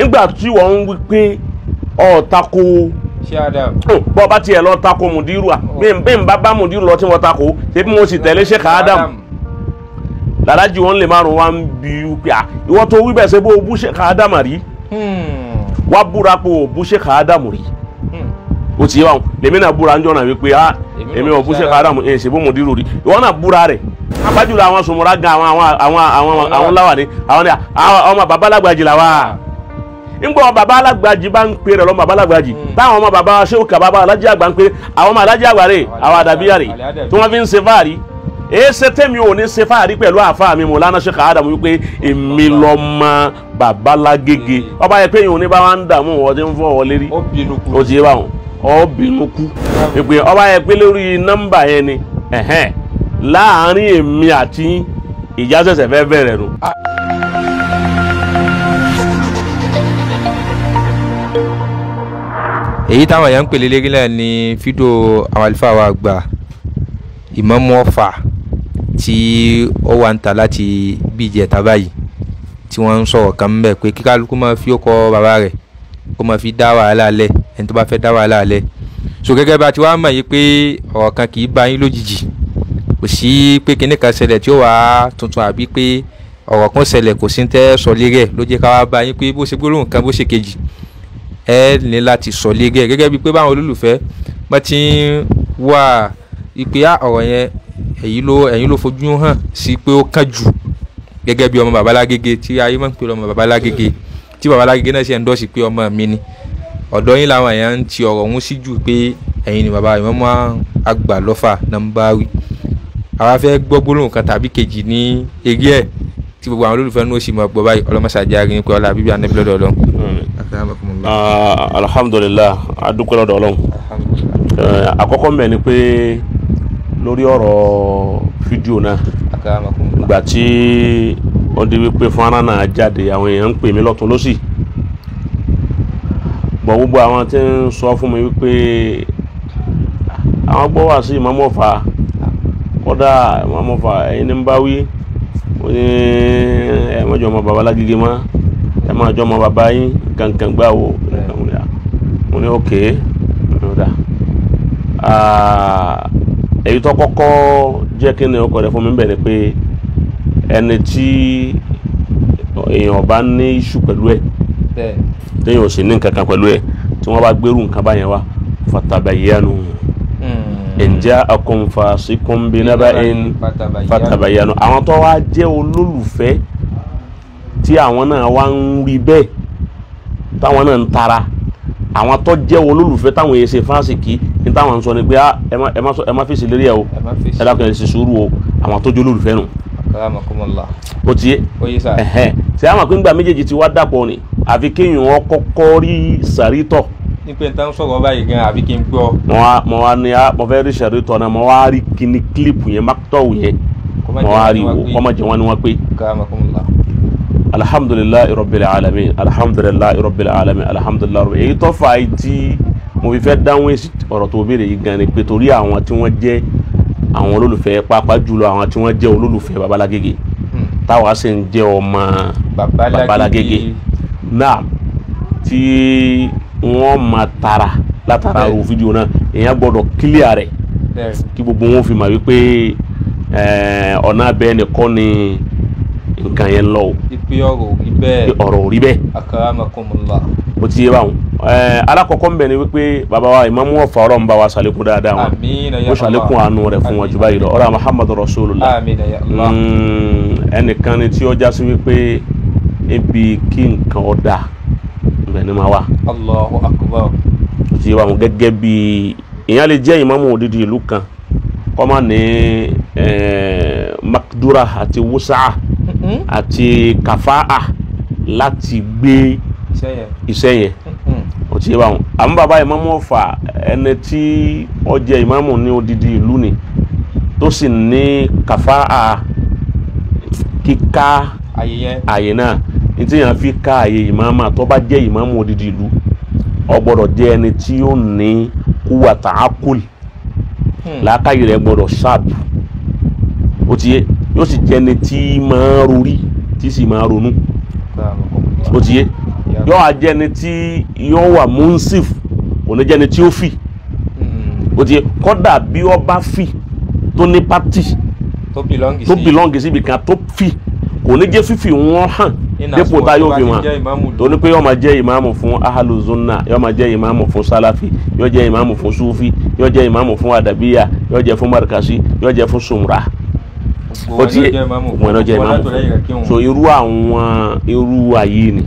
nígbà tí wọ́n ń wí pé ọ̀ọ́tako bọ́ bá tiẹ̀ lọ tako mùdírù à bí n bá bá mùdírù lọ tí wọ́n tako ṣé mo sì tẹ̀lé ṣe kàá dàmú làlájì wọn lè márùn wa ń bi pé à ìwọ́n tó wí bẹ́ẹ̀ ṣe bó o bú ṣe kàá dàmú rí hmm. wá búra pé o bú ṣe kàá dàmú rí o hmm. ti yẹ wa lèmi náà búra ń jọ náà wípé à èmi ò bú ṣe kàá dàmú ẹ̀ ṣe bó mùdírù rí ìwọ́n náà búra rẹ̀ pàjùlọ àwọn sòmùrà gan àwọn àwọn àwọn àwọn láwàní àwọn ọmọ bàbá alágbàjì làwà ngbọ bàbá alágbàjì bá ń pè rẹ lọ bàbá alágbàjì táwọn ọmọ bàbá sẹ́wọ́n kà bàbá alájì àgbà ń pè àwọn ọmọ alájì àgbà rè àwọn àdàbíyà rè tí wọ́n fi ń ṣe fáàrí èsè tẹ́mi ò ní ṣe fáàrí pẹ̀lú àfa mi Mọ̀lánà Sheikh Adam wípé èmi lọ́mọ babalágége ọba yẹ pé èyàn ò ní bá wa ń dààmú wọn ti ń fọ ọ lérí ó ti yé báwọn ọ bínú kú ìpè ọba yẹ pé lórí nọ́mbà yẹn ni ẹ̀hẹ́n láàárín èmi àti ìjà ṣẹ̀ṣẹ̀ fẹ́ bẹ̀rẹ̀ nù. Ah. èyí táwọn èèyàn ń pè lélẹ́rí ni fídíò àwọn àlùfáà wa àgbà ìmáàmù Ọ̀fà tí ó wà ń ta láti bí ìjẹta báyìí tí wọ́n ń sọ̀rọ̀ kan mbẹ̀ pé kí kálukú máa fi ọkọ̀ bàbá rẹ̀ kó máa fi dá wàhálà lẹ̀ ẹni tó bá fẹ́ dá wàhálà lẹ̀ so gẹ́gẹ́ bá ti wá mọ̀ yìí pé ọ̀rọ̀ kan kì í bá yín lójijì kò sí pé kinní kan ṣẹlẹ̀ tí ó wà tuntun àbí pé ọ̀rọ̀ kan ṣẹlẹ̀ kò sí ń tẹ́ sọ lérí ẹ̀ ló jẹ́ ká wá bá yín pé bó ṣe gbólóhùn kan bó ṣe kejì ẹ ní láti sọ lérí ẹ̀ gẹ́gẹ́ bíi pé báwọn olólùfẹ́ bá ti ń wà ìpè ọ̀rọ̀ yẹn ẹ̀yin ló ẹ̀yin ló fojú hàn sí pé ó kàn jù gẹ́gẹ́ bí ọmọ babalágége tí ayé máa ń pè ọmọ babalágége tí babalágége náà ṣe ń dọ́sí pé ọmọ mi ni ọ̀dọ́ yín làwọn èèyàn ti ọ̀rọ̀ ọ̀hún sí jù pé ẹ̀yin ni bàbá ìwọ́n máa àgbà lọ́fà náà ń bá wí àwa fẹ́ gbọ́ gbólóhùn kan tàbí kejì ní eré ẹ̀ tí gbogbo àwọn olólùfẹ́ ní oṣù mọ̀ báyìí ọlọ́mọṣáájú arin pé ọlá bíbí ànábì lọ́dọ̀ ọlọ́run. Ah, alhamdulilah adúpẹ́ lọ́dọ̀ ọlọ́run eh, àkọ́kọ́ mẹ́ ni pé lórí ọ̀rọ̀ fídíò náà ìgbà tí wọ́n di wípé fọ́nrán náà jáde àwọn èèyàn ń pè mí lọ́tún lọ́sì bọ̀ gbogbo àwọn tí ń sọ fún mi wípé àwọn gbọ́ wá sí ìmọ̀mọ́fà kọ́dà amọ̀fà ẹ̀yin ní ń bá wí ó ní ẹ má jọ ọmọ bàbá lágídí mọ́ ẹ má jọ ọmọ bàbá yín gangan gbà wò mo ní òkè ọ̀dà èyí tó kọ́kọ́ jẹ́ kí ni ọkọ rẹ̀ fún mi bẹ̀rẹ̀ pé ẹni tí èèyàn bá ní iṣu pẹ̀lú ẹ̀ téèyàn ò sì ní nǹkan kan pẹ̀lú ẹ̀ tí wọ́n bá gbérù nǹkan báyẹn wá fatabayyanu ẹ̀njẹ́ akọ̀nfà síkún bí nábà ẹ̀ń fatabayanu àwọn tó wá jẹ́ olólùfẹ́ tí àwọn náà wá ń rí bẹ́ẹ̀ táwọn náà ń tara àwọn tó jẹ́ olólùfẹ́ táwọn èsè fásikì ní táwọn ń sọ ni pé ah, ẹ má fèsì lérí ẹ o ẹ dákun ẹ sì sùúrù o àwọn tó jẹ́ olólùfẹ́ nù. o ti yé ṣe àwọn àpéǹgbà méjèèjì ti wá dàpọ̀ ni àfi kéèyàn ọkọ̀ kọ́ rí sàrítọ̀ nípa ìtàn sọ̀rọ̀ báyìí gan àbí kí n gbọ́. mo wá mo wá ní ah, mo fẹ́ rí sẹ̀rí tọ́ná mo wá rí kíní kílípù yẹn mákítọ́wù yẹn mo wá rí wò kọ́mọ̀jẹ̀ wọn ni wọ́n pé. alhamdulilayi rabbil alamin alhamdulilayi rabbil alamin alhamdulilayi rabbil èyí tó fà á tí mo fi fẹ́ dáhùn èsì ọ̀rọ̀ tó béèrè yìí gan ni pé torí àwọn tí wọ́n jẹ́ àwọn olólùfẹ́ pàápàá jùlọ àwọn tí wọ́n jẹ́ olólùfẹ́ babalágége hmm. táwa sì ń jẹ́ ọmọ babalágége náà tí wọn ma tara látara àrùn fídíò náà èèyàn gbọ́dọ̀ kílíà rẹ̀ kí gbogbo wọn fi mà wípé ọ̀nà nìkan ni nǹkan yẹn lọ o. ọ̀rọ̀ rí bẹ́ẹ̀. o ti yé wọn alakọkọ ni wípé baba wa imamu wa fara wa salekun o salekun fún wa juba yi muhammadu ni tí jásí wípé ebi ibẹ̀ ni máa wà. Allahu akbar. o ti wà wọn gẹ́gẹ́ bí ìyẹn lè jẹ́ ìmáàmù odidi ìlú kan kọ́ máa ní makdura àti wusaa mm-hmm. àti kafaa láti gbé iṣẹ́ yẹn o ti wà wọn. àmọ́ bàbá ìmáàmù ọ̀fà ẹni tí ó jẹ́ ìmáàmù ní odidi ìlú ni tó sì ní kafaa kíká àyè náà ntí yàn fi ká àyè ìmáàmà tó bá jẹ́ ìmáàmù odidi ìlú ó gbọ́dọ̀ jẹ́ ẹni tí ó ní kúwà tààkùl hmm. làákàyè rẹ̀ gbọ́dọ̀ ṣáàpù ó ti yẹ yóò sì jẹ́ ẹni tí máa rorí tí sì máa ronú ó ti yẹ yóò wá jẹ́ ẹni tí yóò wà munsif kò ní jẹ́ ẹni tí ó fì hmm. ó ti yẹ kódà bí ó bá fì tó ní pátì tó bìlọ́ǹgì síbi kan tó fì kò ní jẹ́ fífi wọn hàn dípò tá yóò fi wọn torí pé yóò máa jẹ́ ìmáàmù fún ahaluzunna yóò máa jẹ́ ìmáàmù fún salafi yóò jẹ́ ìmáàmù fún sufi yóò jẹ́ ìmáàmù fún adabiya yóò jẹ́ fún markasi yóò jẹ́ fún sumra o ti wọn lọ jẹ́ ìmáàmù fún so irú àwọn irú ayé ni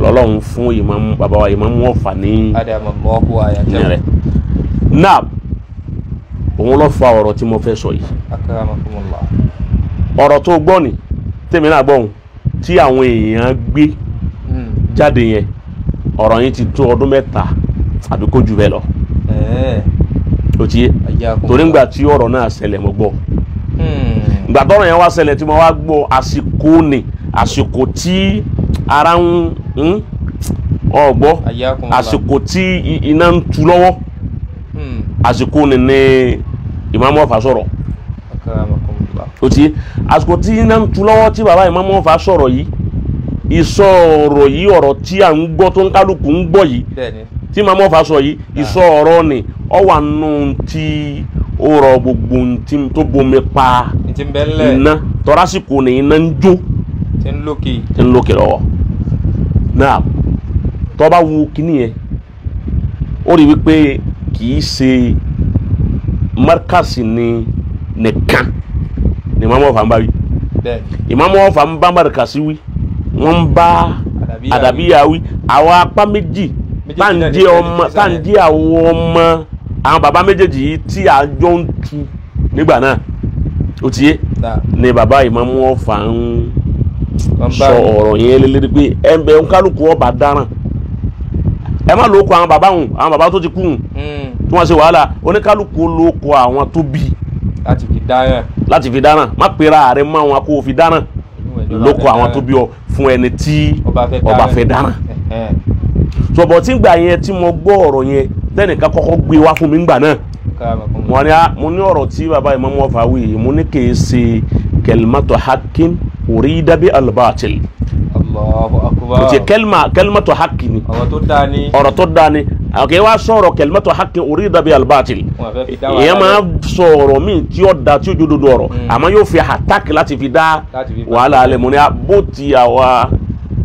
lọ́lọ́run fún ìmáàmù bàbá wa ìmáàmù ọ̀fà ní ìrẹ̀ náà òun ló fa ọ̀rọ̀ tí mo fẹ́ sọ yìí ọ̀rọ̀ tó gbọ́ ni tèmi náà gbọ́ òun tí àwọn èèyàn gbé hmm. jáde yẹn ọ̀rọ̀ yín ti tó ọdún mẹ́ta àbí kó jù bẹ́ẹ̀ lọ ló ti yé torí ngbà tí ọ̀rọ̀ náà ṣẹlẹ̀ mo gbọ́ ngbà hmm. tọ́rọ̀ yẹn wá ṣẹlẹ̀ tí mo wá gbọ́ àsìkò ni àsìkò tí ara ń hmm, ọgbọ́ àsìkò tí iná ń tu lọ́wọ́ àsìkò ni ni ìmáàmù ọ̀fà sọ̀rọ̀ tó ti àsìkò tí iná ń tu lọ́wọ́ tí bàbá Ìmáàmù Ọ̀fà sọ̀rọ̀ yìí ìsọ ọ̀rọ̀ yìí ọ̀rọ̀ tí à ń gbọ́ tó ń kálukú ń gbọ́ yìí tí Ìmáàmù Ọ̀fà sọ yìí ah. ìsọ ni ọ wà nù ti ó gbogbo ntí tó bomi pa iná tọ́rásìkò ní iná ń jó tí ń lókè lọ́wọ́ náà tó wo kíní yẹn ó rí wípé kì í ṣe márkàsì ni nìkan ìmáàmù ọ̀fà ń bá wí ìmáàmù ọ̀fà ń bá mọ̀rẹ̀kàsí wí wọ́n ń bá àdàbíyà wí àwọn apá méjì táǹdí ọmọ táǹdí àwọn ọmọ àwọn bàbá méjèèjì yìí tí àjọ ń tu nígbà náà ó ti yé ni bàbá ìmáàmù ọ̀fà ń sọ ọ̀rọ̀ yẹn lélẹ́rí pé ẹ̀ ń bẹ̀ ń kálukú ọba dáràn ẹ má lóko àwọn bàbá hùn àwọn bàbá tó ti kú hùn hmm. tí wọ́n ṣe wàhálà oníkálukú lóko àwọn tó bí láti fi dáràn láti fi dáràn má pera rẹ mọ àwọn kó o fi dáràn lóko àwọn tó bí ọ fún ẹni tí ọba fẹ́ dáràn sọ̀bọ̀ tí gbà yẹn tí mo gbọ́ ọ̀rọ̀ yẹn tẹ́nìkan kọ́kọ́ gbé wá fún mi gbà náà mo ní ah, mo ní ọ̀rọ̀ tí bàbá yìí mọ́mọ́ fà wí yìí mo ní kì í ṣe kẹlmátọ̀ hakim urida bi albatil ọ̀rọ̀ tó dáa ni àkè wa sọ̀rọ̀ kẹlẹ́mẹ́tò hakì orí dàbí albatil ìyẹn máa sọ̀rọ̀ min tí ó da tí ó jodo dọ̀rọ̀ hmm. àmọ́ yóò fi àtàkì láti fi dá wàhálà alẹ́ mu ní bó ti àwa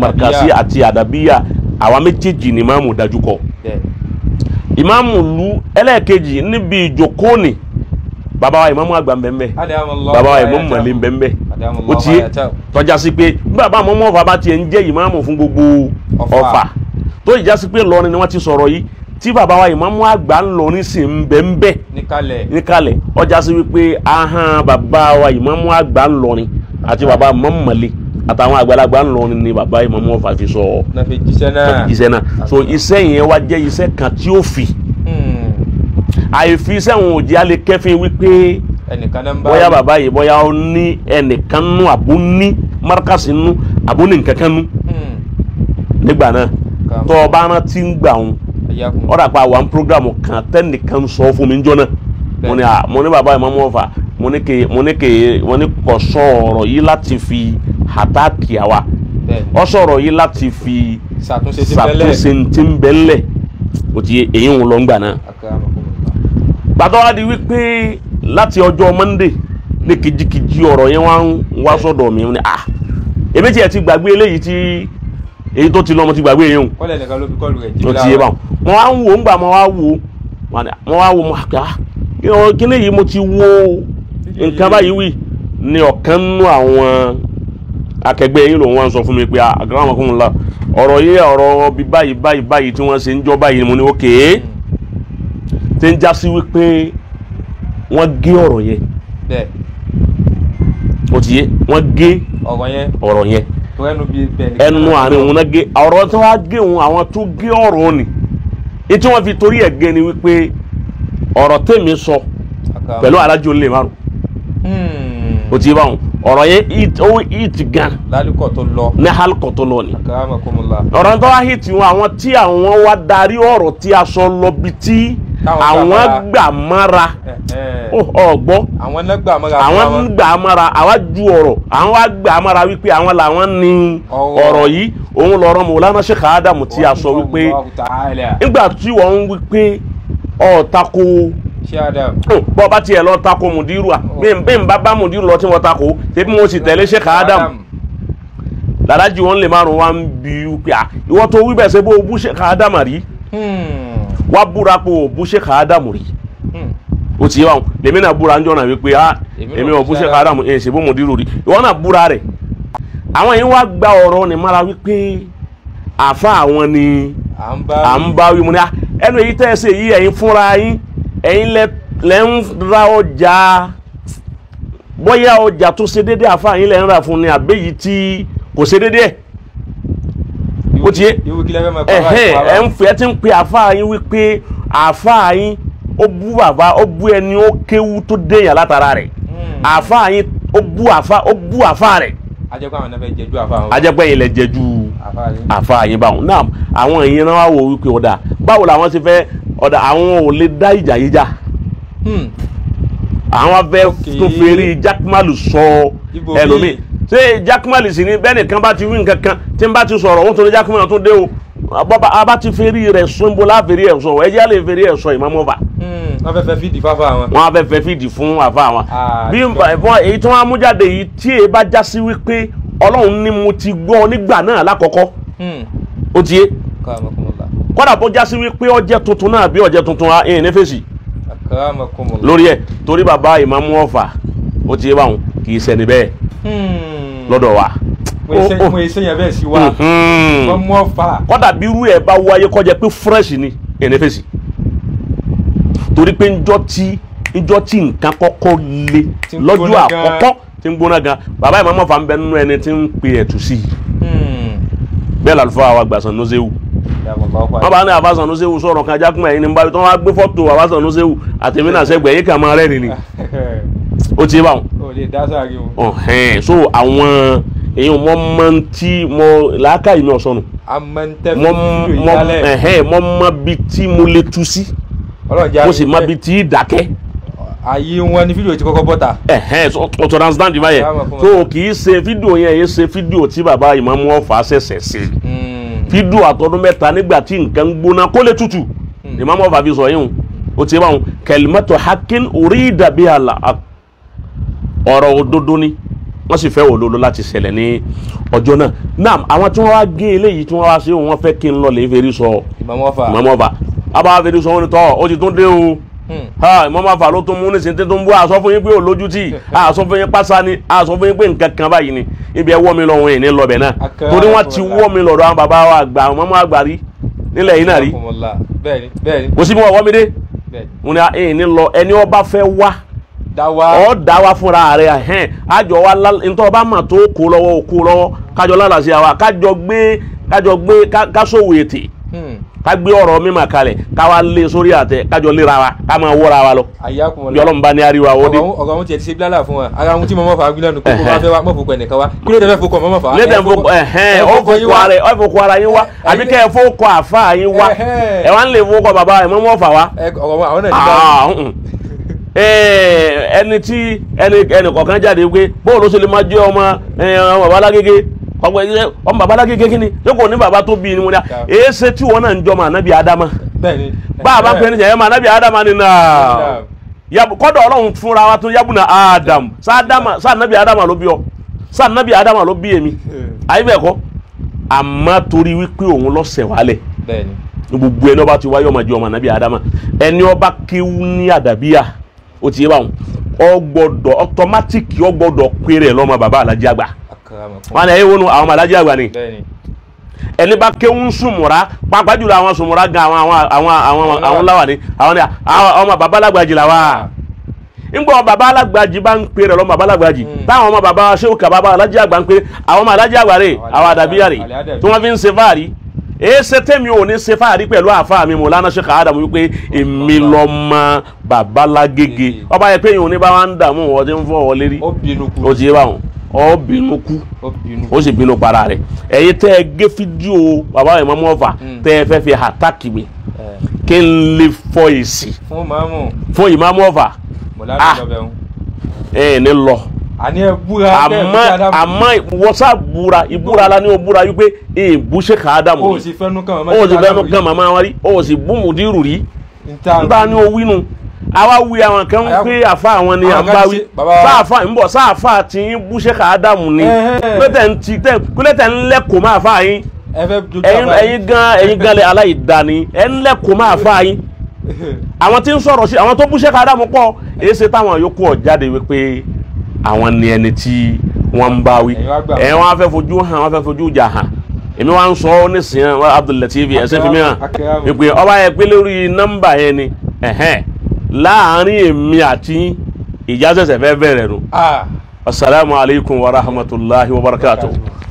markasi àti àdàbíyà àwa méjèèjì ni máàmù dájú kọ ìmáàmù lu ẹlẹ́ẹ̀kejì níbi ìjòkóni bàbá wa ìmáàmù àgbà mbẹ́mbẹ́ bàbá wa ìmáàmù màlẹ́ mbẹ́mbẹ́ ó ti tọ́já sí pé bàbá àmọ́mọ́ ọ̀fà bá tiẹ̀ ń jẹ́ ìmáàmù gbogbo ọ̀fà tó ìjà sí pé lọrin ni wọ́n ti sọ̀rọ̀ yìí tí bàbá wa ìmáàmù àgbà ńlọrin sì ń bẹ ń bẹ níkàlẹ̀ ọjà sí wípé ahọ́n bàbá wa ìmáàmù àgbà ńlọrin àti bàbá mọ́mọ́lé àtàwọn àgbàlagbà ńlọrin ni bàbá ìmáàmù ọ̀fà fi sọ iṣẹ́ náà so iṣẹ́ yẹn wá jẹ́ iṣẹ́ kan tí ó fi hmm. àìfi iṣẹ́ wọn ò jẹ́ alẹ́ kẹ́fín wípé bóyá bàbá yìí bóyá ó ní ẹnìkan nú àbó ní márkàsì nú àbó ní nǹkan nú hmm. nígbà náà. tọ ọba náà ti ń gbà wọn ó dà pé àwọn programu kan sọ fún mi jọ náà mo ní mo ní bàbá ìmọ̀mọ́ fà mo ní kè mo ní kè mo ní sọ yìí láti fi àtàkì àwa ọ sọ yìí láti fi ṣàtúnṣe ti ń o ti èyí ń lọ ń gbà náà gbàtọ́ wa di wípé láti ọjọ́ Monday ní ọ̀rọ̀ yẹn wá ń wá sọ̀dọ̀ mi èmi tiẹ̀ ti gbàgbé ti. èyí tó ti lọ mo ti gbàgbé yẹn o. kọ́lẹ̀ nìkan ló fi kọ́ọ̀lù rẹ̀ jí lára rẹ̀. mo wá ń wò ń gbà mo wá wò mo wá wò mo àgbà kíni yìí mo ti wo nǹkan báyìí wì ní ọ̀kan nú àwọn akẹgbẹ́ yín lòun wá ń sọ fún mi pé ah, àgbà wọn kún un la ọ̀rọ̀ yìí ọ̀rọ̀ bí báyìí báyìí báyìí tí wọ́n ṣe ń jọ báyìí mo ní ó kéé tí ń já sí wípé wọ́n gé ọ̀rọ̀ yẹn ó ti yé wọ́n gé ọ̀rọ̀ yẹn ẹnu àárín òun náà gé ọ̀rọ̀ tí wọ́n á gé òun àwọn tó gé ọ̀rọ̀ òun ni ètí wọ́n fi torí ẹ̀ gé ni wípé ọ̀rọ̀ tèmi sọ pẹ̀lú alájò lè márùn o hmm. ti bá wọn ọ̀rọ̀ yẹn ó hit gan ní halkọ̀ tó lọ ni ọ̀rọ̀ tó wá hit wọn àwọn tí àwọn wá darí ọ̀rọ̀ tí a sọ lọ bi tí àwọn gbà mọ́ra ọ̀gbọ́ àwọn gbà mọ́ra àwa ju ọ̀rọ̀ àwọn wa gbà mọ́ra wípé àwọn làwọn ní ọ̀rọ̀ yìí òun lọ́rọ̀ Mọ̀lánà Sheikh Adamu tí a sọ wípé nígbà tí wọ́n ń wípé ọ̀tako bọ́ bá tiẹ̀ lọ tako mùdírù à bí n bá bá mùdírù lọ tí wọ́n tako tẹ́bí mo sì tẹ̀lé Sheikh Adamu làdájú wọn lè márùn wa ń bi wípé à ìwọ́n tó wí bẹ́ẹ̀ ṣe bó o bú Sheikh Adamu rí. Hmm wá búra pé o bú Sheikh Adamu rí hmm. o ti yẹ wa lèmi náà búra njọ́ náà wípé ah èmi ò bú Sheikh Adamu ẹ̀ ṣe bó mo dirò rí ìwọ náà búra rẹ̀ àwọn yìí wá gba ọ̀rọ̀ ni mara wípé àfa àwọn ni à ń bá wí mu ni ah, ẹnu èyí tẹ́ ẹ ṣe yìí ẹ̀yin fúnra yín ẹ̀yin lẹ́ ń ra ọjà bóyá ọjà tó ṣe déédéé àfa yín lẹ́ ń rà fún ni àbẹ́yìí tí kò ṣe déédéé ó ti yé ẹ ń fẹ́ ti ń pe àáfàá yín wípé àáfàá yín ó bú bàbá ó bú ẹni ó kéwú tó déyàn látara rẹ̀ hmm. àáfàá yín ó bú àáfàá ó bú àáfàá rẹ̀ ajẹ́pẹ́ yìí lẹ jẹ́jú àáfàá yín báwọn náà àwọn èèyàn náà wá wò wípé ọ̀dà báwo làwọn ti fẹ́ ọ̀dà àwọn ò lè dá ìjà yìí já hmm. àwọn afẹ́ tó fèrè jákèmálù sọ ẹlòmíì se jákúmọ̀lì sì ni bẹ́ẹ̀ nìkan bá ti wí nǹkan kan tí n bá ti sọ̀rọ̀ òun tó ní jákúmọ̀lì tó dé o bọ́ba a bá ti feri rẹ̀ sọ níbo la feri ẹ̀ sọ ẹ̀jẹ̀ lè feri ẹ̀ sọ ìmọ̀mọ́ hmm, bá. wọ́n fẹ́ fẹ́ fìdí fún àfa wọn. wọ́n fẹ́ fẹ́ fìdí fún àfa wọn. Ah, bí ìbọn èyí tí wọ́n á mú jáde yìí tí èyí bá já sí wípé ọlọ́run ni mo ti gbọ́ nígbà náà lákọ̀ọ́kọ́. Hmm. ó ti yé kọ́dà bó já sí wípé ọjẹ́ tuntun náà bí ọjẹ́ tuntun ẹ̀yìn ní fèsì. lórí ẹ̀ torí bàbá ìmọ̀mọ́ ọ̀fà ó ti yé báwọn kì í ṣẹ́ni bẹ́ẹ̀ lọ́dọ̀ wa. mo ṣe yẹn bẹ́ẹ̀ sí wa mo hmm. mú ọ fa. kọ́dà bí irú ẹ̀ bá wáyé kọjá pé fresh ni ẹ̀rẹ́ fèsì torí pé njọ́ tí njọ́ tí nǹkan kọ́kọ́ le lọ́jọ́ àkọ́kọ́ tí ń gbóná gan bàbá ìmọ̀ mọ̀fà ń bẹ nínú ẹni tí ń pe ẹ̀tù sí i hmm. bẹ́ẹ̀ làlùfáà wa gbàsàn nózéwù wọ́n bá ní àbáṣà nózéwù sọ̀rọ̀ kan jákùnmọ̀ ẹ̀yìn ní báyìí tó wọ́n á gbé fọ́tò àbáṣà nózéwù àtẹ̀mínà sẹ́gbẹ̀ẹ́ yìí kà máa rẹ́rìn ni ó ti bá wọn o lè dá sáré o. so àwọn èyàn mọ mọ tí mọ làákà yìí náà sọnù. a mọ n tẹ́ fi yóò yálẹ̀. mọ mọ bi tí mo lè tu sí. ọlọ́jà mo sì mọ bi tí dákẹ́. àyè wọn ni fídíò ti kọ́kọ́ bọ́ta. ọ̀tọ̀ understand ibà yẹn so kì í ṣe fídíò yẹn yẹn ṣe fídíò tí bàbá ìmọ̀mú ọ̀fà ṣẹ̀ṣẹ̀ ṣe. Hmm. fídíò àtọdún mẹ́ta nígbà tí nǹkan ń gbóná kó lè tutù hmm. ìmọ̀mú ọ̀fà fi sọ yín o ti bá wọn kẹlímẹ́tò hakin orí ìdàbí àlà àk ọ̀rọ̀ òdodo ni wọ́n sì fẹ́ wò lolo láti ṣẹlẹ̀ ní ọjọ́ náà naam àwọn tí wọ́n wá gé eléyìí tí wọ́n wá sí wọn fẹ́ kí n lọ lè fèrè sọ ìmọ̀mọ́fà abáwá fèrè sọ wọn ni tọ́ ó ti tún dé o ìmọ̀mọ́fà ló tún mú nísìnyí tí tó ń bú àsọ fún yín pé ò lójú tì àsọ fún yín pásá ni àsọ fún yín pé nǹkan kan báyìí ni ibi ẹ wọ́ mi lọ wọn ìní lọ́bẹ̀ náà torí wọ́n ti wọ́ mi lọ́dọ̀ àwọn bàbá wa àgbà àwọn mọ́mọ́ àgbà rí nílẹ̀ yìí náà rí kò sí bí wọ́n wọ́ mi dé wọn ni ẹni lọ ẹni ọ da wa fúnra rẹ ẹhẹn àjọ wa ntọ́ bá mà tó kó lọ́wọ́ kó lọ́wọ́ kájọ lálàsí àwa kájọ gbé kájọ gbé kásòwò ètè hmm. ká gbé ọ̀rọ̀ mímà kalẹ̀ ká wa lé sórí àtẹ kájọ léra wa ká máa wọ́ra wa lọ. yọlọ́n bá ní ariwa o de. ọ̀gá wọn tiẹ̀ ti ṣe bílálà fún wa ara wọn tí mo mọ̀ fà á gbílẹ̀ nù kókó máa fẹ́ wa mọ̀ fòkò ẹ̀nìkan wa kí ló dé fẹ́ fòkò mọ̀ mọ̀ fà á. lẹ́tẹ̀ fòkò ẹ̀hẹ́n ọ̀ fòkò ara yín wa àbí kẹ́ ẹ̀ fòkò àfa yín wa ẹ̀ wá ń lè fòkò bàbá ẹ̀ mọ̀ mọ̀ fà wa. ọ̀gá wọn àwọn náà ah, Eh, ẹni tí ẹni kọ̀ọ̀kan jáde pé bóun ló ṣe lè máa jẹ́ ọmọ eh, ọmọ babalágége eh, ọmọ babalágége kí ni yóò kò ní bàbá tó bí ni mo dá èé ṣe tí wọn náà ń jọmọ ànábì ádámà ànábì ádámà ni náà kọ́dọ̀ ọlọ́run fúnra wa tó yabu na adam ànábì ádámà ló bí ọ sáà ádámà ló bí èmi bẹ́ẹ̀ kọ́ torí wípé òun gbogbo ẹni ọba ti wáyé ọmọ jẹ ọmọ ànábì ádámà ẹni ọba kéwú ní àdàbíyà o ti yé báwọn ọgbọdọ automatic ọgbọ́dọ̀ péré lọ́mọ bàbá alájí àgbà wọn ẹ wọnú àwọn alájí àgbà ni ẹni bá kéwù sùmùrà pàápàá jùlọ àwọn sùmùrà gan àwọn àwọn àwọn àwọn àwọn ni àwọn ọmọ bàbá alágbàjì là ah. ngbọ bàbá alágbàjì bá ń péré lọ́mọ bàbá alágbàjì hmm. táwọn ọmọ bàbá èsè tèmi ò ní ṣe fáàrí pẹ̀lú àáfàá mi Mọ̀lánà Sheikh Adam wípé èmi lọ mọ Babalágége ọba yẹ pé ìhun ní bá wà ń dààmú wọn ti ń fọ ọ lérí ó ti yé báwọn ọ bínú kú ó sì bínú para rẹ ẹ̀yin tẹ́ ẹ gé fídíò bàbá ìmọ̀ mọ́fà hmm. tẹ́ ẹ fẹ́ fi àtàkì mi eh. kí n lè fọ èsì fún ìmọ̀ mọ́fà ah. ẹ ní lọ àní ẹ búra bẹ́ẹ̀ búra Ádámù. àmọ́ wọ́sà búra ìbúra la ni o búra yìí pé ee bú Sheikh Ádámù rí o sì fẹ́nu kan màmá o sì fẹ́nu kan màmá wa o sì bú mùdírù rí nta ni o wínu àwa wí àwọn kan ń pé àfa àwọn ni à ń bá wí sáàfà ń bọ̀ sáàfà tí ń bú Sheikh Ádámù ni kúlẹ̀tẹ̀ ń ti kúlẹ̀tẹ̀ ń lẹ́kọ̀ọ́ máa fà yín ẹ̀yin gan ẹ̀yin gan lẹ aláìdáni ẹ̀ ń lẹ́kọ̀ọ́ máa fà yín àwọn tí ń sọ̀rọ̀ sí àwọn tó bú Sheikh Ádámù pọ̀ èyí ṣe táwọn yòókù ọ̀ jáde wípé àwọn ni ẹni tí wọ́n ń bá wí ẹ wọ́n á fẹ́ fojú hàn wọ́n á fẹ́ fojú jà hàn èmi wá ń sọ ọ́ ní sìn án Abdulateef ẹsẹ̀ fi mi hàn ìpè ọba yẹn pé lórí nọ́mbà yẹn ni láàárín èmi àti ìjà ṣẹ̀ṣẹ̀ fẹ́ bẹ̀rẹ̀ nù asalaamualeykum wa rahmatulahi wa barakatuh.